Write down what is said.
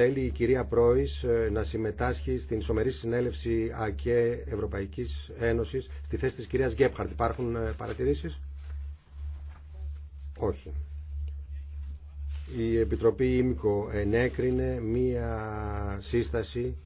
θέλει η κυρία Πρόης ε, να συμμετάσχει στην Ισομερή Συνέλευση ΑΚΕ Ευρωπαϊκής Ένωσης στη θέση της κυρίας Γκέπχαρτ. Υπάρχουν ε, παρατηρήσεις? Όχι. Η Επιτροπή Ήμικο ενέκρινε μία σύσταση